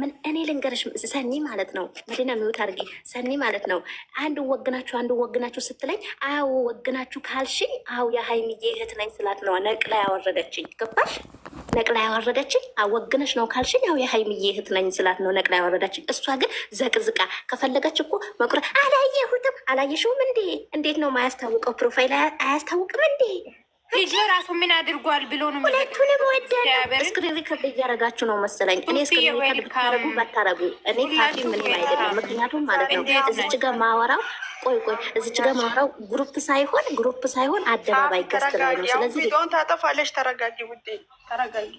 ምን እኔ ልንገርሽ ሰኒ ማለት ነው መዲና የሚወት አድርጊ ሰኒ ማለት ነው። አንዱ ወግናችሁ አንዱ ወግናችሁ ስትለኝ አው ወግናችሁ ካልሽኝ አው የሀይሚዬ እህት ነኝ ስላት ነው ነቅላ ያወረደችኝ። ገባሽ? ነቅላ ያወረደችኝ አወግነሽ ነው ካልሽኝ ያው የሀይሚዬ እህት ነኝ ስላት ነው ነቅላ ያወረደችኝ። እሷ ግን ዘቅዝቃ ከፈለገች እኮ መቁረ አላየሁትም አላየሽውም እንዴ? እንዴት ነው ማያስታውቀው ፕሮፋይል አያስታውቅም እንዴ? ልጅ ራሱ ምን አድርጓል ብሎ ነው። ሁለቱንም ወደ እስክሪን ሪከርድ እያደረጋችሁ ነው መሰለኝ። እኔ እስክሪን ሪከርድ ብታረጉ ባታረጉ እኔ ካፊ ምን አይደለም። ምክንያቱም ማለት ነው እዚች ጋር ማወራው ቆይ ቆይ፣ እዚች ጋር ማወራው ግሩፕ ሳይሆን ግሩፕ ሳይሆን አደባባይ ገስት ላይ ነው። ስለዚህ ታጠፋለሽ። ተረጋጊ ውዴ፣ ተረጋጊ።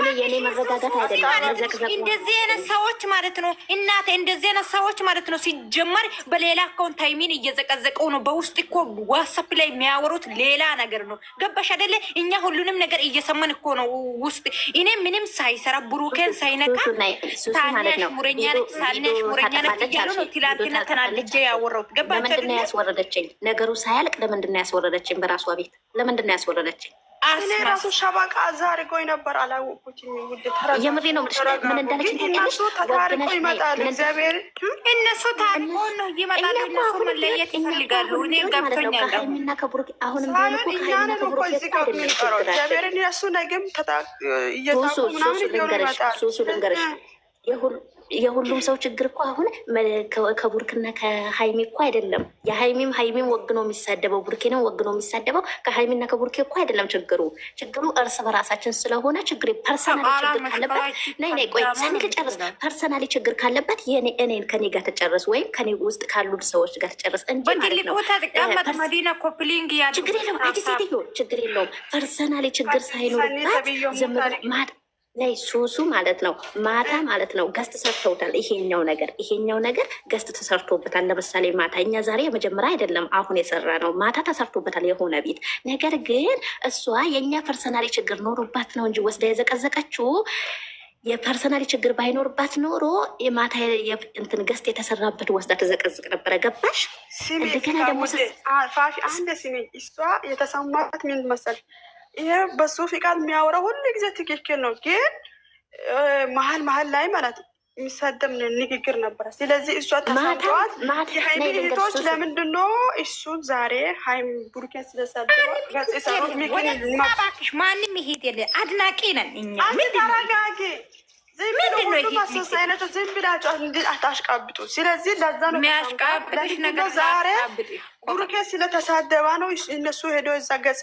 እኔ የእኔ መረጋጋት አይደለም መዘቅዘቅ። እንደዚህ አይነት ሰዎች ማለት ነው እናት፣ እንደዚህ አይነት ሰዎች ማለት ነው ሲጀመር በሌላ አካውንት ታይሚን እየዘቀዘቀው ነው። በውስጥ እኮ ዋትስአፕ ላይ የሚያወሩት ሌላ ነገር ነው። ገባሽ አደለ? እኛ ሁሉንም ነገር እየሰማን እኮ ነው። ውስጥ እኔ ምንም ሳይሰራ ብሩኬን ሳይነካ ሳነሽ ሙረኛ ነች፣ ሙረኛ ነች እያሉ ነው። ትላንትና ተናድጄ ያወራሁት ገባሽ አይደለ? ለምንድን ነው ያስወረደችኝ? ነገሩ ሳያልቅ ለምንድን ነው ያስወረደችኝ? በራሷ ቤት ለምንድን ነው ያስወረደችኝ? እኔ ራሱ ሸባቃ እዛ አድርጎኝ ነበር አላወኩትም። ውድ የምሬ ነው። እነሱ ተታርቆ ይመጣሉ። እግዚአብሔር እነሱ ታርቆ ነው ይመጣሉ። እነሱ መለየት ይፈልጋሉ። እኔ ገብቶኛል። እኛንን እኮ እዚህ ጋር የምንቀረው እግዚአብሔርን እነሱ ነገም እየታቁ ምናምን እየሆኑ ይመጣሉ። የሁሉም ሰው ችግር እኮ አሁን ከቡርክና ከሀይሚ እኮ አይደለም። የሀይሚም ሀይሚም ወግ ነው የሚሳደበው፣ ቡርኬንም ወግ ነው የሚሳደበው። ከሀይሚና ከቡርኬ እኮ አይደለም ችግሩ። ችግሩ እርስ በራሳችን ስለሆነ ችግር ፐርሰናል ችግር ካለበት ናይ ናይ ቆይ ሰኔ ልጨርስ። ፐርሰናሊ ችግር ካለበት የኔ እኔን ከኔ ጋር ተጨርስ፣ ወይም ከኔ ውስጥ ካሉ ሰዎች ጋር ተጨርስ እንጂ ማለት ነው ችግር የለውም። ችግር የለውም። ፐርሰናሊ ችግር ሳይኖርበት ዝም ማድ ላይ ሱሱ ማለት ነው። ማታ ማለት ነው ገስት ሰርተውታል። ይሄኛው ነገር ይሄኛው ነገር ገስት ተሰርቶበታል። ለምሳሌ ማታ እኛ ዛሬ የመጀመሪያ አይደለም አሁን የሰራ ነው። ማታ ተሰርቶበታል የሆነ ቤት ነገር ግን እሷ የእኛ ፐርሰናሊ ችግር ኖሮባት ነው እንጂ ወስዳ የዘቀዘቀችው የፐርሰናሊ ችግር ባይኖርባት ኖሮ የማታ እንትን ገስት የተሰራበት ወስዳ ተዘቀዝቅ ነበረ። ገባሽ? እንደገና ደግሞ አንድ እሷ የተሰማት ምን መሰል ይሄ በሱ ቃል የሚያወራው ሁሉ ጊዜ ትክክል ነው፣ ግን መሀል መሀል ላይ ማለት የሚሳደብ ንግግር ነበረ። ስለዚህ እሷ ተሳደዋት። የሀይሚ እህቶች ለምንድን ነው እሱን ዛሬ ሀይሚ ቡርኬን ስለሳደባሽ ማንም ይሄድ የለ አድናቂ ነን እኛ። ተረጋጊ። ዝም ብላችሁ አታሽቃብጡ። ስለዚህ ለዛ ነው የሚያሽቃብጥሽ ነገር ዛሬ ቡርኬ ስለተሳደባ ነው እነሱ ሄዶ እዛ ገጽ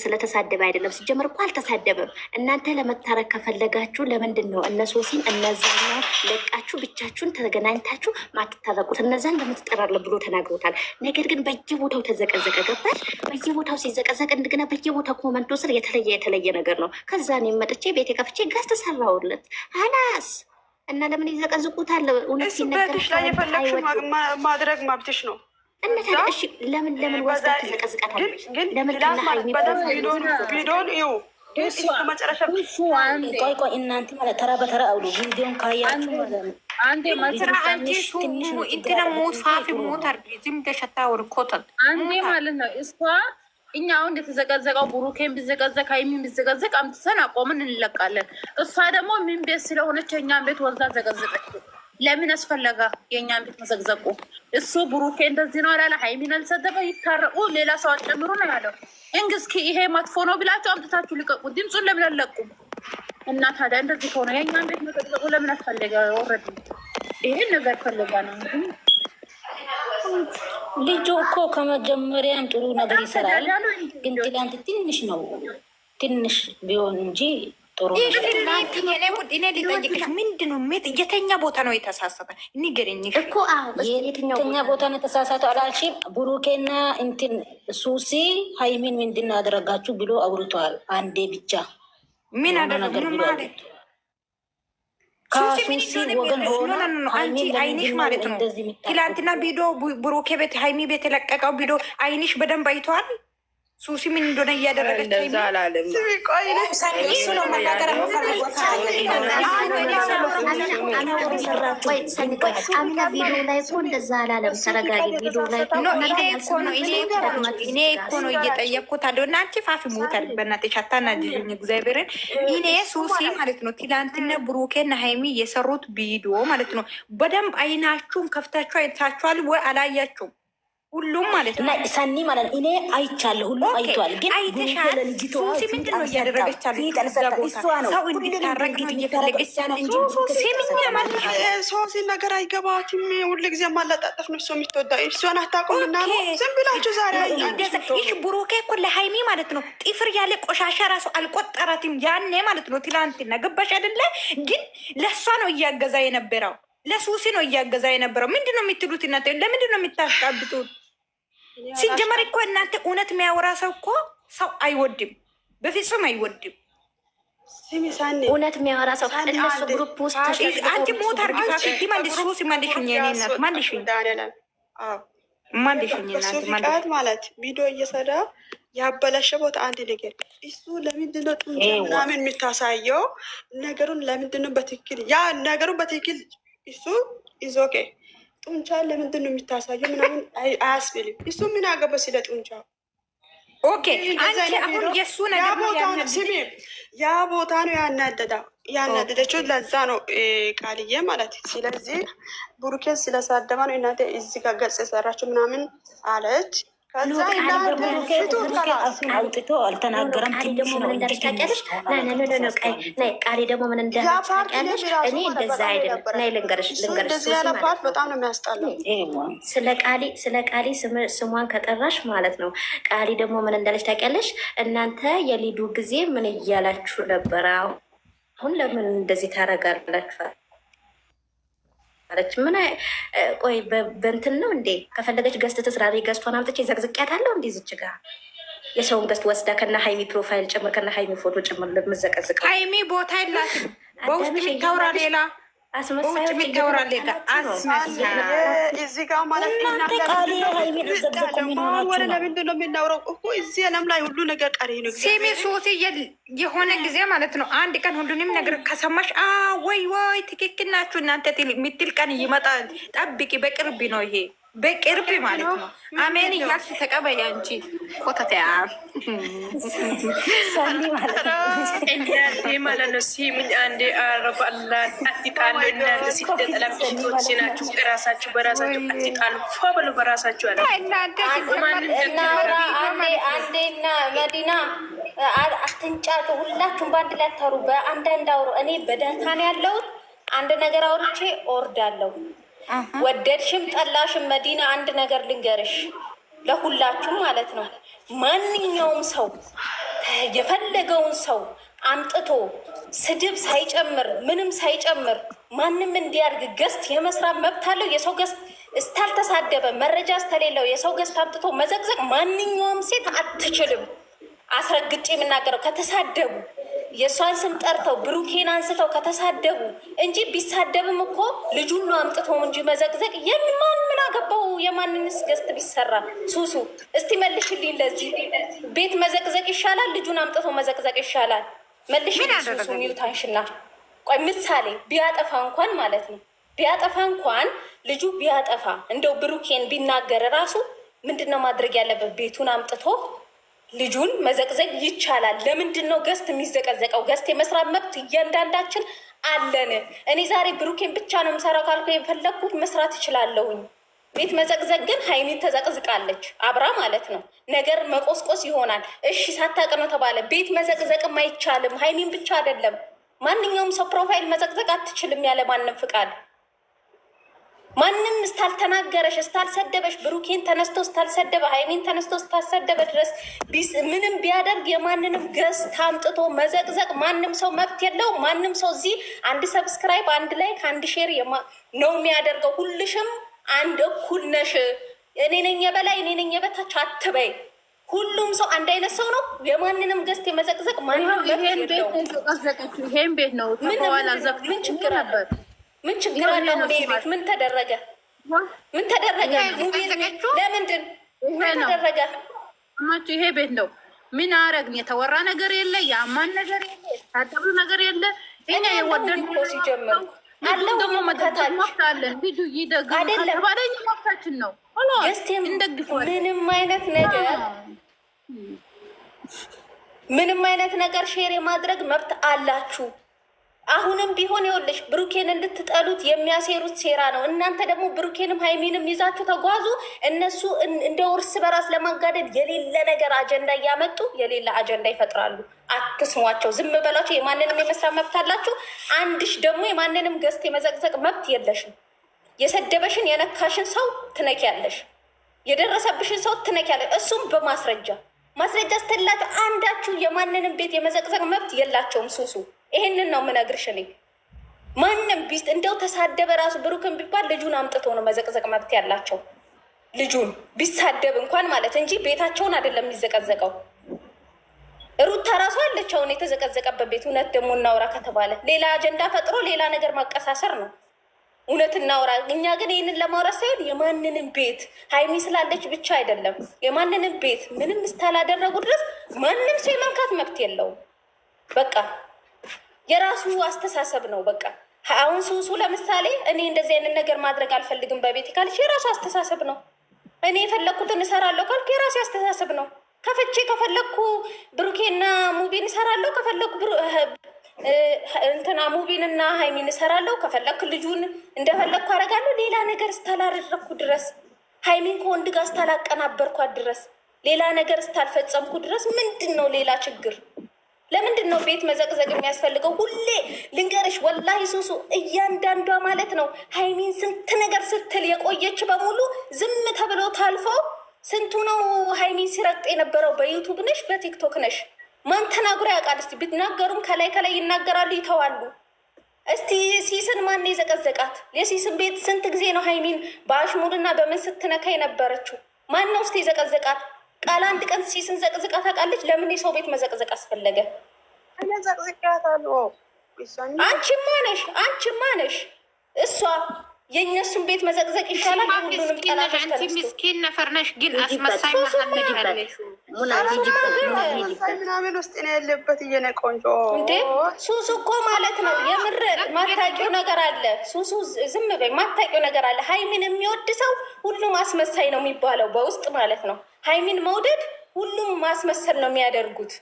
ስለተሳደበ አይደለም። ሲጀመር እኮ አልተሳደበም። እናንተ ለመታረቅ ከፈለጋችሁ ለምንድን ነው እነሶሲን እነዛኛው ለቃችሁ ብቻችሁን ተገናኝታችሁ ማትታረቁት? እነዛን ለምትጠራለ ብሎ ተናግሮታል። ነገር ግን በየቦታው ተዘቀዘቀ። ገባሽ? በየቦታው ሲዘቀዘቅ እንድገና በየቦታው ኮመንቶ ስር የተለየ የተለየ ነገር ነው። ከዛ ነው መጥቼ ቤቴ ከፍቼ ጋዝ ተሰራውለት አላስ እና ለምን ይዘቀዝቁታል? እውነት ሲነገር ላይ የፈለግሽ ማድረግ ማብትሽ ነው። ለምን ለምን ወስዳ ቆይ እናንተ ማለት ተራ በተራ አውሉ። ቪዲዮን ካያችሁ ማለት ነው እሷ እኛ አሁን እንደተዘቀዘቀው ብሩኬን ቢዘቀዘቅ ሀይሚን ቢዘቀዘቅ አምጥተን አቆምን እንለቃለን። እሷ ደግሞ ምን ቤት ስለሆነች እኛን ቤት ወዛ ዘቀዘቀች። ለምን አስፈለጋ የእኛን ቤት መዘግዘቁ? እሱ ብሩኬ እንደዚህ ነው አላለ፣ ሀይሚን አልሰደበ፣ ይታረቁ፣ ሌላ ሰው አጨምሩ ነው ያለው። እንግስኪ ይሄ መጥፎ ነው ብላቸው አምጥታችሁ ልቀቁ። ድምፁን ለምን አለቁም? እና ታዲያ እንደዚህ ከሆነ የእኛን ቤት መዘግዘቁ ለምን አስፈለገ? ወረድ ይሄን ነገር ፈለጋ ነው ልጁ እኮ ከመጀመሪያም ጥሩ ነገር ይሰራል። ግን ትላንት ትንሽ ነው ትንሽ ቢሆን እንጂ ጥሩ ምንድን ነው? የተኛ ቦታ ነው የተሳሳተ? ንገረኝ እኮ የተኛ ቦታ ነው የተሳሳተው አላልሽም? ብሩኬና እንትን ሱሲ ሀይሚን ምንድን ነው ያደረጋችሁ ብሎ አውርተዋል። አንዴ ብቻ ምን አደረግነው ማለት ማለት ነው። ትላንትና ቢዶ ብሩኬ ቤት ሀይሚ ቤት የለቀቀው ቢዶ አይንሽ በደንብ አይተዋል። ሱሲ ምን እንደሆነ እያደረገች እንደዛ ነው እየጠየቅኩት እና አንቺ ፋፊ ሞታል። በእናትሽ አታናድጂኝ። እግዚአብሔርን እኔ ሱሲ ማለት ነው ትላንትና ብሩኬና ሀይሚ የሰሩት ቪዲዮ ማለት ነው በደንብ አይናችሁን ከፍታችሁ አይታችኋል ወይ አላያችሁም? ሁሉም ማለት ነው ሰኒ ማለት እኔ አይቻለሁ፣ ሁሉም አይቷል። ግን አይተሻል። ሱሲ ምንድን ነው እያደረገች ያለ? ሰው እንዲታረቅ ነው እየፈለገች ያለ እንጂ ሱሲ ነገር አይገባትም። ሁሉ ጊዜ ማላጣጠፍ ነው። እሱ የሚትወዳ እሷን አታውቅም። እና ዝም ብላችሁ ዛሬ ይህ ብሩኬ እኮ ለሀይሚ ማለት ነው ጥፍር ያለ ቆሻሻ ራሱ አልቆጠራትም። ያኔ ማለት ነው ትላንትና ገባሽ አይደለ? ግን ለእሷ ነው እያገዛ የነበረው ለሱሲ ነው እያገዛ የነበረው። ምንድን ነው የምትሉት? ለምንድን ነው የምታስቀብጡት? ሲጀመር እኮ እናንተ እውነት የሚያወራ ሰው እኮ ሰው አይወድም፣ በፍጹም አይወድም። እውነት የሚያወራ ሰው እነሱ ግሩፕ ውስጥ አንቺ ሞት አርግፋ መልሱ ሲመልሽኝ ናት መልሽኝ ማንደሽኝ ፍቃድ ማለት ቪዲዮ እየሰራ ያበላሸ ቦታ አንድ ነገር እሱ ለምንድነው ጡንቻ ምናምን የሚታሳየው ነገሩን ለምንድነው በትክክል ያ ነገሩን በትክክል እሱ ኢዝ ኦኬ ጡንቻ ለምንድን ነው የሚታሳየው? ምናምን አያስብልም። እሱ ምን አገባ ስለ ጡንቻ። ኦኬ ያ ቦታ ነው ያናደዳ ያናደደችው ለዛ ነው ቃልዬ ማለት ስለዚህ ብሩኬን ስለሳደባ ነው እናቴ እዚህ ጋር ገጽ የሰራችው ምናምን አለች። አውጥቶ አልተናገረም። ትንሽ ደግሞ ምን እኔ እንደዛ አይደለም። ልንገርሽ ልንገርሽ ስለ ስሟን ከጠራሽ ማለት ነው። ቃሌ ደግሞ ምን እንዳለች ታውቂያለሽ? እናንተ የሊዱ ጊዜ ምን እያላችሁ ነበረ? አሁን ለምን እንደዚህ ታደርጋላችኋል? አለች። ምን ቆይ በንትን ነው እንዴ? ከፈለገች ገስት ትስራሪ ገዝቷን አምጥቼ ዘቅዝቅያታለሁ። እንዲ ዝች ጋር የሰውን ገስት ወስዳ ከና ሀይሚ ፕሮፋይል ጭምር ከና ሀይሚ ፎቶ ጭምር ምዘቀዝቅ ሀይሚ ቦታ የላት በውስጥ ታውራ ሌላ ለምንድን ነው የምናውረው? እኮ እዚህ ዓለም ላይ ሁሉ ነገር ቀሪ ነው። ሶሲ የሆነ ጊዜ ማለት ነው አንድ ቀን ሁሉንም ነገር ከሰማሽ ወይ ወይ ትክክል ናችሁ እናንተ የምትል ቀን ይመጣል። ጠብቂ፣ በቅርብ ነው ይሄ በቅርብ ማለት ነው። አሜን እያልሽ ተቀበይ። አንቺ ኮተተያ ማለት ነው። ሲምን አንዴ አትጣሉ። እናንተ ናችሁ። በራሳችሁ አትጣሉ። በራሳችሁ አለ አንዴና መዲና አትንጫሉ። ሁላችሁም በአንድ ላይ ታሩ። በአንዳንድ አውሮ እኔ በደንታ ያለውን አንድ ነገር አውርቼ አለው ወደድሽም ጠላሽም መዲና አንድ ነገር ልንገርሽ፣ ለሁላችሁም ማለት ነው። ማንኛውም ሰው የፈለገውን ሰው አምጥቶ ስድብ ሳይጨምር ምንም ሳይጨምር ማንም እንዲያድግ ገስት የመስራት መብት አለው። የሰው ገስት እስታልተሳደበ መረጃ እስተሌለው የሰው ገስት አምጥቶ መዘግዘግ ማንኛውም ሴት አትችልም። አስረግጬ የምናገረው ከተሳደቡ የእሷን ስም ጠርተው ብሩኬን አንስተው ከተሳደቡ እንጂ ቢሳደብም እኮ ልጁን ነው አምጥቶ እንጂ መዘቅዘቅ የማን ምን አገባው? የማንንስ ገስት ቢሰራ ሱሱ፣ እስቲ መልሽልኝ። ለዚህ ቤት መዘቅዘቅ ይሻላል፣ ልጁን አምጥቶ መዘቅዘቅ ይሻላል። መልሽልኝ ሱሱ። ሚውታንሽና ቆይ ምሳሌ ቢያጠፋ እንኳን ማለት ነው ቢያጠፋ እንኳን ልጁ ቢያጠፋ እንደው ብሩኬን ቢናገር ራሱ ምንድን ነው ማድረግ ያለበት? ቤቱን አምጥቶ ልጁን መዘቅዘቅ ይቻላል። ለምንድን ነው ገስት የሚዘቀዘቀው? ገስት የመስራት መብት እያንዳንዳችን አለን። እኔ ዛሬ ብሩኬን ብቻ ነው የምሰራው ካልኩ የፈለግኩት መስራት እችላለሁኝ። ቤት መዘቅዘቅ ግን ሀይሚ ተዘቅዝቃለች፣ አብራ ማለት ነው። ነገር መቆስቆስ ይሆናል። እሺ ሳታቅ ነው ተባለ። ቤት መዘቅዘቅም አይቻልም። ሀይሚን ብቻ አይደለም፣ ማንኛውም ሰው ፕሮፋይል መዘቅዘቅ አትችልም ያለ ማንም ፍቃድ ማንም እስታልተናገረሽ እስታልሰደበሽ ብሩኬን ተነስቶ እስታልሰደበ ሀይሜን ተነስቶ እስታልሰደበ ድረስ ምንም ቢያደርግ የማንንም ገስ ታምጥቶ መዘቅዘቅ ማንም ሰው መብት የለው። ማንም ሰው እዚህ አንድ ሰብስክራይብ አንድ ላይ ከአንድ ሼር ነው የሚያደርገው። ሁልሽም አንድ እኩል ነሽ። እኔ ነኝ የበላይ እኔ ነኝ የበታች አትበይ። ሁሉም ሰው አንድ አይነት ሰው ነው። የማንንም ገስት የመዘቅዘቅ ማንም መብት የለው። ምን ችግር ነበር? ምን ችግር አለ? ቤት ምን ተደረገ? ምን ተደረገ? ለምንድን ምን ተደረገ? ይሄ ቤት ነው። ምን አረግን? የተወራ ነገር የለ፣ የአማን ነገር የለ፣ ታጠብ ነገር የለ። እኛ የወደን ሲጀምሩ ምንም አይነት ነገር ምንም አይነት ነገር ሼር የማድረግ መብት አላችሁ። አሁንም ቢሆን ይኸውልሽ ብሩኬን እንድትጠሉት የሚያሴሩት ሴራ ነው። እናንተ ደግሞ ብሩኬንም ሀይሚንም ይዛችሁ ተጓዙ። እነሱ እንደ እርስ በራስ ለማጋደድ የሌለ ነገር አጀንዳ እያመጡ የሌለ አጀንዳ ይፈጥራሉ። አትስሟቸው፣ ዝም በሏቸው። የማንንም የመስራት መብት አላችሁ። አንድሽ ደግሞ የማንንም ገዝት የመዘቅዘቅ መብት የለሽም። የሰደበሽን የነካሽን ሰው ትነኪያለሽ፣ የደረሰብሽን ሰው ትነኪያለሽ። እሱም በማስረጃ ማስረጃ ስትላቸው አንዳችሁ የማንንም ቤት የመዘቅዘቅ መብት የላቸውም ሱሱ ይሄንን ነው የምነግርሽ እኔ። ማንም ቢስት እንደው ተሳደበ ራሱ ብሩክን ቢባል ልጁን አምጥቶ ነው መዘቅዘቅ መብት ያላቸው። ልጁን ቢሳደብ እንኳን ማለት እንጂ ቤታቸውን አይደለም የሚዘቀዘቀው። ሩታ ራሱ አለች አሁን የተዘቀዘቀበት ቤት። እውነት ደግሞ እናውራ ከተባለ ሌላ አጀንዳ ፈጥሮ ሌላ ነገር ማቀሳሰር ነው። እውነት እናውራ። እኛ ግን ይህንን ለማውራት ሳይሆን የማንንም ቤት ሀይሚ ስላለች ብቻ አይደለም፣ የማንንም ቤት ምንም እስካላደረጉ ድረስ ማንም ሰው የመንካት መብት የለውም። በቃ የራሱ አስተሳሰብ ነው። በቃ አሁን ሱሱ ለምሳሌ እኔ እንደዚህ አይነት ነገር ማድረግ አልፈልግም በቤት ካልሽ የራሱ አስተሳሰብ ነው። እኔ የፈለግኩትን እሰራለሁ ካልክ የራሱ አስተሳሰብ ነው። ከፍቼ ከፈለግኩ ብሩኬና ሙቢን እሰራለሁ፣ ከፈለግኩ እንትና ሙቢንና ሀይሚን እሰራለሁ፣ ከፈለግክ ልጁን እንደፈለግኩ አደርጋለሁ። ሌላ ነገር እስታላደረግኩ ድረስ ሀይሚን ከወንድ ጋር እስታላቀናበርኳት ድረስ ሌላ ነገር እስታልፈጸምኩ ድረስ ምንድን ነው ሌላ ችግር? ለምንድን ነው ቤት መዘቅዘቅ የሚያስፈልገው? ሁሌ ልንገርሽ፣ ወላሂ ሱሱ እያንዳንዷ ማለት ነው ሀይሚን ስንት ነገር ስትል የቆየች በሙሉ ዝም ተብሎ ታልፎ ስንቱ ነው ሀይሚን ሲረጥ የነበረው። በዩቱብ ነሽ፣ በቲክቶክ ነሽ። ማን ተናግሮ ያውቃል? እስቲ ቢናገሩም ከላይ ከላይ ይናገራሉ፣ ይተዋሉ። እስቲ ሲስን ማን የዘቀዘቃት? የሲስን ቤት ስንት ጊዜ ነው ሀይሚን በአሽሙድና በምን ስትነካ የነበረችው? ማን ነው እስቲ የዘቀዘቃት? ቃል አንድ ቀን ሲስን ዘቅዝቃ ታውቃለች። ለምን የሰው ቤት መዘቅዘቅ አስፈለገ? አንቺማ ነሽ አንቺማ ነሽ እሷ የእነሱን ቤት መዘቅዘቅ ይሻላል። ሁሉንም ምስኪን ነፈር ነሽ፣ ግን አስመሳይ ምናምን ውስጥ ነው ያለበት። እየነ ቆንጆ እንዴ ሱሱ እኮ ማለት ነው። የምር ማታቂው ነገር አለ። ሱሱ ዝም በይ፣ ማታቂው ነገር አለ። ሀይሚን የሚወድ ሰው ሁሉም አስመሳይ ነው የሚባለው በውስጥ ማለት ነው። ሀይሚን መውደድ ሁሉም ማስመሰል ነው የሚያደርጉት።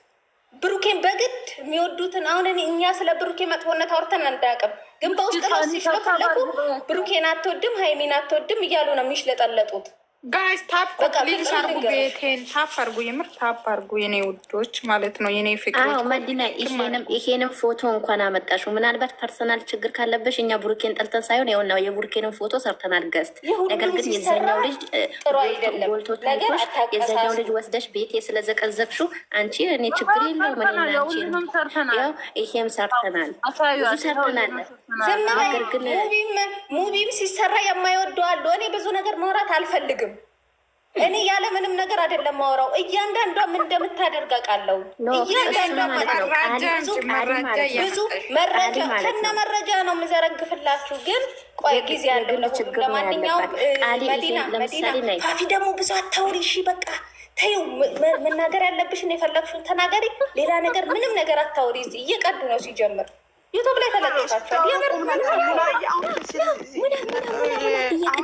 ብሩኬን በግድ የሚወዱትን አሁን እኛ ስለ ብሩኬ መጥፎነት አውርተን አንዳቅም፣ ግን በውስጥ ነው ሲሽለፈለቁ ብሩኬን አትወድም ሀይሚን አትወድም እያሉ ነው የሚሽለጠለጡት። ጋይስ ታፕ ፕሊዝ አርጉ፣ ቤቴን ታፕ አርጉ፣ የምር ታፕ አርጉ የኔ ውዶች ማለት ነው የኔ ፍቅሮች። መዲና ይሄንም ይሄንም ፎቶ እንኳን አመጣሽ። ምናልባት ፐርሰናል ችግር ካለብሽ እኛ ቡርኬን ጠልተን ሳይሆን ይኸውና የቡርኬንም ፎቶ ሰርተናል ገዝት። ነገር ግን የዛኛው ልጅ ጎልቶች የዛኛው ልጅ ወስደሽ ቤቴ ስለዘቀዘቅሽው አንቺ እኔ ችግር የለውም እኔና ይሄም ሰርተናል ብዙ ሰርተናል። ነገር ግን ሙቪም ሙቪም ሲሰራ የማይወደዋል። እኔ ብዙ ነገር መውራት አልፈልግም እኔ ያለ ምንም ነገር አይደለም ማውራው። እያንዳንዷም እንደምታደርግ አውቃለሁ። እያንዳንዷም መረጃ ከነ መረጃ ነው የምዘረግፍላችሁ። ግን ቆይ ጊዜ ያለው ለማንኛውም መዲና መዲና ፋፊ ደግሞ ብዙ አታውሪ እሺ። በቃ ተይው። መናገር ያለብሽን የፈለግሽውን ተናገሪ። ሌላ ነገር ምንም ነገር አታውሪ። እየቀዱ ነው ሲጀምር ዩቱብ ላይ ተለጥፋቸዋል።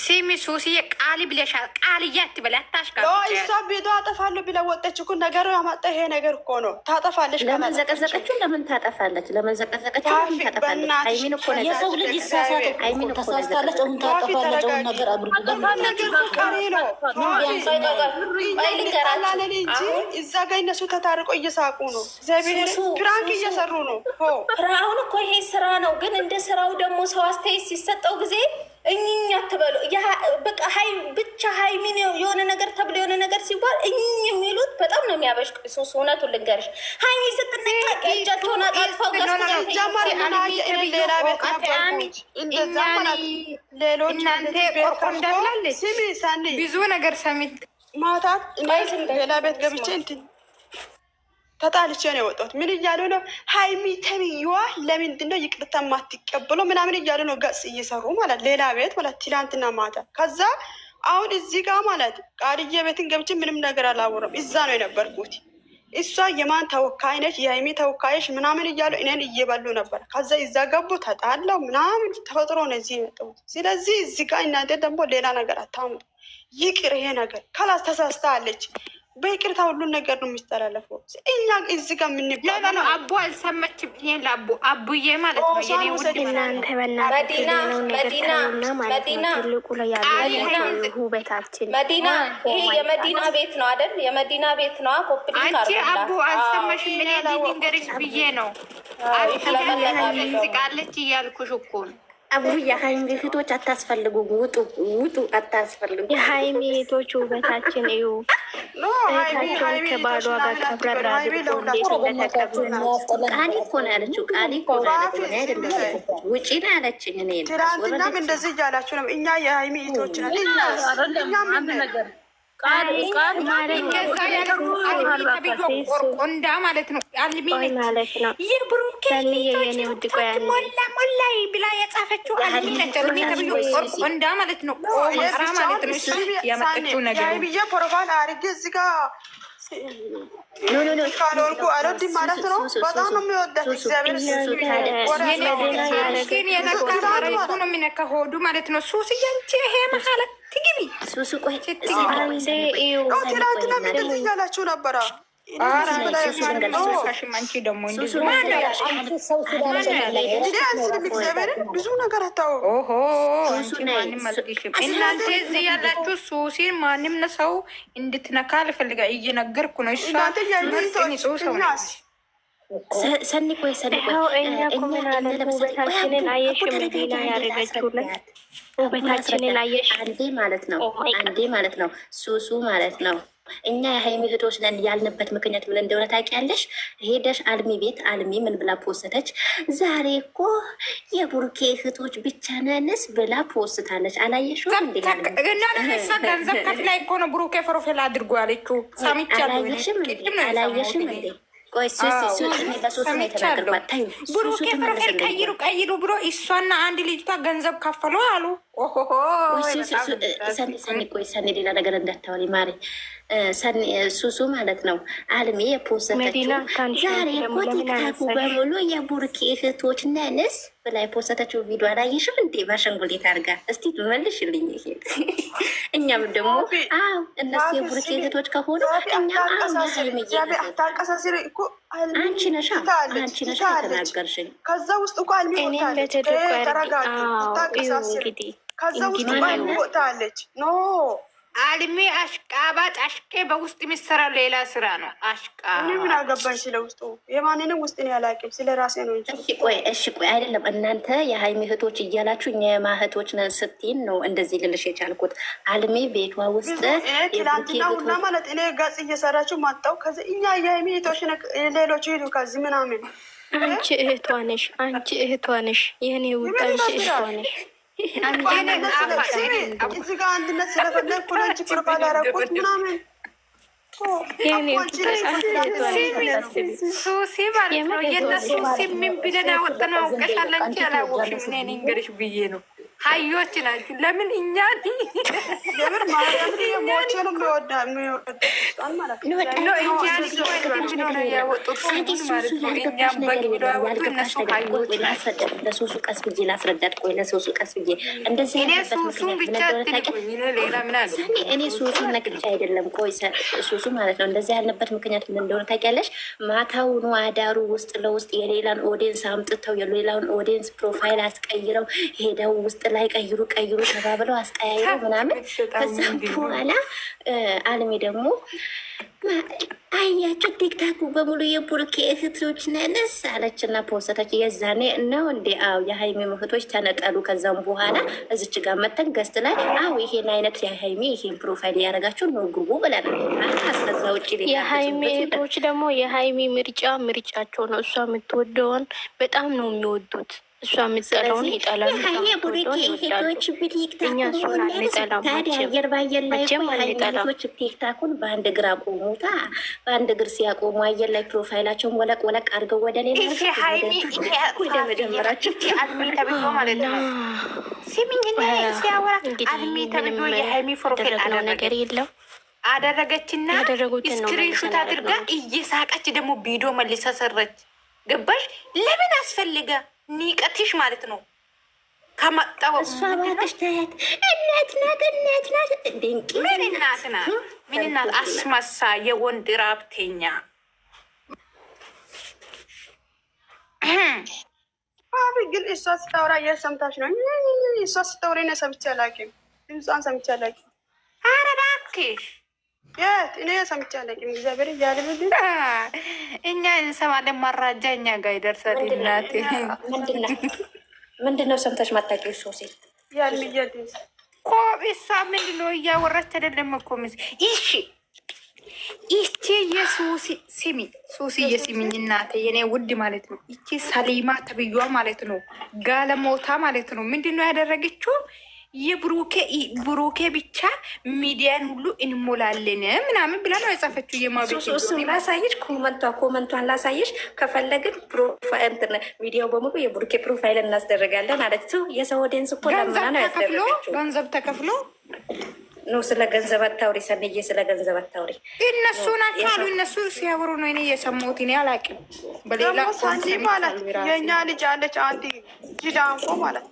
ሲሚ ሱስዬ ቃል ብለሻል። እያት አትበል አታሽቃ። እሷ ቤቷ አጠፋለሁ ብለ ወጠች እኮ ነገሩ ያመጣ ይሄ ነገር እኮ ነው። ታጠፋለች። ለምን ዘቀዘቀችው? ለምን ታጠፋለች? ለምን ዘቀዘቀችው? ለምን ታጠፋለች? አይሚን እኮ የሰው ልጅ ይሳሳት። አይሚን ተሳስታለች። አሁን ታጠፋለች። አሁን ነገር እንጂ እዛ ጋ እነሱ ተታርቆ እየሳቁ ነው። እግዚአብሔር ፕራንክ እየሰሩ ነው። አሁን እኮ ይሄ ስራ ነው። ግን እንደ ስራው ደግሞ ሰው አስተያየት ሲሰጠው ጊዜ እኝኝ አትበሉ። በቃ ሀይ ብቻ ሀይ ሚን የሆነ ነገር ተብሎ የሆነ ነገር ሲባል እኝኝ የሚሉት በጣም ነው የሚያበሽቅ። ሱስ እውነቱ ልንገርሽ፣ ሀይሚ ስትነቃቂ እጃቸውን አጣልፈው እናንተ ቆርቆ እንዳላለች ብዙ ነገር ሰሚት ማታት ሌላ ቤት ገብቼ እንትን ተጣልቼ ነው የወጣሁት። ምን እያሉ ነው ሀይሚ ተብዬዋ ለምንድን ነው ይቅርታ የማትቀበለው ምናምን እያሉ ነው ገጽ እየሰሩ ማለት ሌላ ቤት ማለት ትላንትና ማታ ከዛ አሁን እዚህ ጋር ማለት ቃልዬ ቤትን ገብቼ ምንም ነገር አላወራም። እዛ ነው የነበርኩት። እሷ የማን ተወካይ ነች? የሀይሚ ተወካዮች ምናምን እያሉ እኔን እየበሉ ነበር። ከዛ እዛ ገቡ፣ ተጣላው ምናምን ተፈጥሮ ነው እዚህ የመጣሁት። ስለዚህ እዚህ ጋር እናንተ ደግሞ ሌላ ነገር አታምጡ። ይቅር ይሄ ነገር ከላስ ተሳስታለች በይቅርታ ሁሉን ነገር ነው የሚስተላለፈው። እኛ እዚህ ጋር የምንባለ ነው። አቡ አልሰማችም። ይሄን ለአቡ አቡዬ ማለት ነው። የመዲና ቤት ነው አይደል? የመዲና ቤት ነው። አንቺ አልሰማሽም። ምን ብዬ ነው። እያልኩሽ እኮ ነው አቡ የሀይሚ እህቶች አታስፈልጉ፣ ውጡ ውጡ፣ አታስፈልጉ። የሀይሚ እህቶች ውበታችን እዩ። እህታቸውን ከባሏ ጋር ከብረራ ቃሊ እንዴት እንደተቀበሉ ቃል እኮ ነው ያለችው። ቃል እኮ ነው ያለችው። ውጪ ነው ያለችኝ። እኔ ትናንትናም እንደዚህ እያላችሁ ነው። እኛ የሀይሚ እህቶች ነን። እኛ ምን ነገር ቆንዳ ማለት ነው። አልሚ ይህ ብሩኬ ሞላ ሞላ ብላ የጻፈችው አልሚ ነች። አልሚ ተብሎ ቆንዳ ማለት ነው። ቆራ ማለት ነው። ያመጣችው ነገር ብዬ ፕሮፋይል አድርጌ እዚህ ጋር ካልወልኩ አልወድም ማለት ነው። በጣም ነው የሚወዳት እግዚአብሔር ነው የሚነካ ሆዱ ማለት ነው ሱስ እያንቺ ይሄ መካለት ትግቢ ሱሱ ቆይ ምንድን እያላችሁ ነበራ? ብዙ ነገር እናንተ እዚህ ያላችሁ ሱሲን ማንም ሰው እንድትነካ ልፈልጋ እየነገርኩ ነው። እሷ ሰኒ ቆይ ሰኒ ቆይ ውበታችንን አየሽ፣ መዲና ያደረገችውን ውበታችንን አየሽ። አንዴ ማለት ነው oh አንዴ ማለት ነው ሱሱ ማለት ነው። እኛ የሀይሚ እህቶች ነን ያልንበት ምክንያት ምን እንደሆነ ታውቂያለሽ? ሄደሽ አልሚ ቤት አልሚ ምን ብላ ፖስተች? ዛሬ እኮ የቡርኬ እህቶች ብቻ ነንስ ብላ ፖስታለች። አላየሽው? ገንዘብ ከፍላ እኮ ነው ብሩኬ አድርጎ ያለችው። ሰምቻለሁ። አላየሽም እንዴ ቆይ ቀይሩ ቀይሩ ብሎ እሷና አንድ ልጅቷ ገንዘብ ከፈሉ አሉ። ሰኔ ቆይ ሰኔ ሌላ ነገር እንዳታወሪ ማሪ። ሱሱ ማለት ነው አልሜ የፖሰተችው ዛሬ እኮ ቲክታኩ በሙሉ የቡርኪ እህቶች ነንስ ብላ የፖሰተችው ቪዲዮ አላየሽም እንዴ? አድርጋ እስቲ መልሽልኝ። እኛም ደግሞ አዎ እነሱ የቡርኪ እህቶች ከሆኑ አንቺ ነሻ አንቺ ነሻ ከዛ ውስጥ እኮ ወታለች። እንግዲህ ከዛ ውስጥ ወጣለች። ኖ አልሜ አሽቃባጭ አሽቄ በውስጥ የሚሰራ ሌላ ስራ ነው። አሽቃ እኔ ምን አገባኝ ስለ ውስጡ፣ የማንንም ውስጥ ያላቅም፣ ስለ ራሴ ነው እንጂ። እሺ ቆይ እሺ ቆይ አይደለም እናንተ የሀይሚ እህቶች እያላችሁ እኛ የማህቶች ነን ስትይን ነው እንደዚህ ልልሽ የቻልኩት። አልሜ ቤቷ ውስጥ ትላንትና ሁላ ማለት እኔ ገጽ እየሰራችሁ ማጣው ከዚ እኛ የሀይሚ እህቶች ሌሎች ሄዱ ከዚህ ምናምን አንቺ እህቷ ነሽ፣ አንቺ እህቷ ነሽ፣ የኔ ውድ አንቺ እህቷ ነሽ። እዚህ ጋር አንድነት ስለፈለግ ኮሎጅ ቁርባን ያረኩት ምናምን ሱሲ ማለት ነው። የእነሱ ሲሚን ብለን አወጣን። አውቀሻለሁ እንጂ አላወቅሽም። እኔ እንግዲህ ብዬ ነው ሀዮች ናችሁ። ለምን እኛ ለሶሱ ቀስ ብዬ ላስረዳት። ቆይ ለሱሱ ቀስ ብዬ እንደዚህ ብቻ እኔ ሶሱን ነቅጫ አይደለም። ቆይ ሱሱ ማለት ነው እንደዚህ ያለበት ምክንያት ምን እንደሆነ ታውቂያለሽ? ማታውኑ አዳሩ ውስጥ ለውስጥ የሌላን ኦዲየንስ አምጥተው የሌላን ኦዲየንስ ፕሮፋይል አስቀይረው ሄደው ውስጥ ላይ ቀይሩ ቀይሩ ተባብለው አስቀያየ ምናምን ከዛም በኋላ አልሜ ደግሞ አያቸው ቲክታኩ በሙሉ የቡርኬ እህቶች ነነስ አለችና ፖስተች። የዛኔ ነው እንዲ አው የሀይሚ እህቶች ተነጠሉ። ከዛም በኋላ እዚች ጋር መተን ገስት ላይ አው ይሄን አይነት የሀይሚ ይሄን ፕሮፋይል ያደረጋቸው ነው ግቡ ብለን አስከዛ ውጭ የሀይሚ እህቶች ደግሞ የሀይሚ ምርጫ ምርጫቸው ነው። እሷ የምትወደውን በጣም ነው የሚወዱት። እሷ የምትጠላውን ይጠላል። ቲክታኩን በአንድ እግር አቆሙታ። በአንድ እግር ሲያቆሙ አየር ላይ ፕሮፋይላቸውን ወለቅ ወለቅ አድርገው ወደ ነገር አደረገችና ስክሪንሹት አድርጋ እየሳቀች ደግሞ ቪዲዮ ሰረች። ገባሽ? ለምን አስፈልገ ኒቀትሽ ማለት ነው። ከመጣው እሷ ባትሽ ታያት እናት ናት፣ እናት ናት። ድንቅ ምን እናት ናት? ምን እናት አስመሳ የወንድ ራብተኛ አብ ግን እሷ ስታወራ እያሰምታች ነው። እሷ ስታወራ ነው ሰምቼ አላውቅም። ድምጿን ሰምቼ አላውቅም። ኧረ እባክሽ እኔ ሰምቼ አላውቅም። እኛ እንሰማለን። ማራጃ እኛ ጋር ይደርሳል። እናቴ ምንድን ነው ሰምተሽ ማታውቂው? ሶሴ እሷ ምንድን ነው እያወራች አይደለም እኮ ምስ ይሺ ይቺ የሱሲ ስሚ ሱሲ የስሚኝ እናቴ የኔ ውድ ማለት ነው። ይቺ ሰሊማ ተብዬዋ ማለት ነው፣ ጋለሞታ ማለት ነው። ምንድን ነው ያደረገችው? ብሮኬ ብቻ ሚዲያን ሁሉ እንሞላለን ምናምን ብላ ነው የጻፈችው። የማቤሱስም ላሳየሽ፣ ኮመንቷ ኮመንቷን ላሳየሽ። ከፈለግን ፕሮፋይል ሚዲያው በሙሉ የብሮኬ ፕሮፋይል እናስደረጋለን አለች። የሰው ወደንስ እኮ ለምና ገንዘብ ተከፍሎ ነው። ስለ ገንዘብ አታውሪ ሰንዬ፣ ስለ ገንዘብ አታውሪ። እነሱ ናካሉ እነሱ ሲያወሩ ነው እኔ የሰማሁት። እኔ አላውቅም። በሌላ ሰንዚ ማለት የእኛ ልጅ አለች አንድ ጅዳንኮ ማለት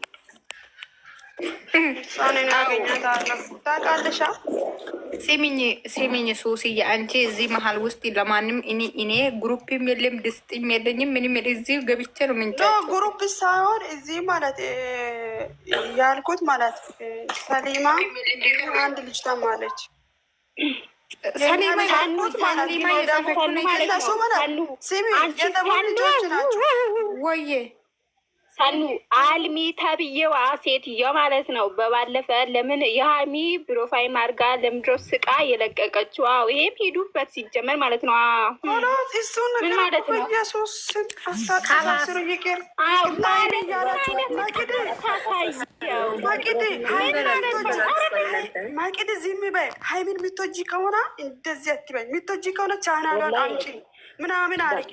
ሲሚኝ ሱስዬ፣ አንቺ እዚህ መሀል ውስጥ ለማንም እኔ ግሩፕም የለም ድስጥም የለኝም ምንም እዚህ ገብቼ ነው ምንጭ ግሩፕ ሳይሆን እዚህ ማለት ያልኩት ማለት ሰሊማ አንድ ልጅ ተማለች። ሰሊማ ማለት ሰሊማ ልጆች ናቸው ወዬ ሀኑ አልሚ ተብዬዋ ሴትዮዋ ማለት ነው። በባለፈ ለምን የሀሚ ፕሮፋይል አድርጋ ለምድሮ ስቃ የለቀቀችው ይሄም ሂዱበት ሲጀመር ማለት ነው። ምን ማለት ነው? ማቂድ ዚም በይ ሀይሚን የምትወጂ ከሆነ እንደዚህ አትበኝ። የምትወጂ ከሆነ ቻናሏን አንቺ ምናምን አድርጊ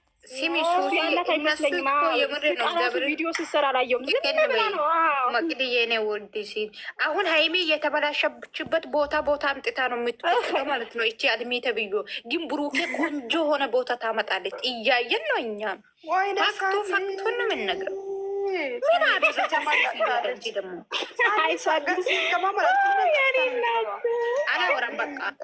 ሲሚሶላት አይመስለኝም። ቪዲዮ ስትሰራ አላየሁም። መቅድዬ የኔ ውድ ሲል አሁን ሀይሜ የተበላሸችበት ቦታ ቦታ አምጥታ ነው የምትወስደው ማለት ነው። እቺ አድሜ ተብዮ ግን ብሩኬ ቆንጆ ሆነ ቦታ ታመጣለች። እያየን ነው እኛም ፋክቱ ፋክቱን ነው የምንነግረው። ምን አደረች ደግሞ አላወራም በቃ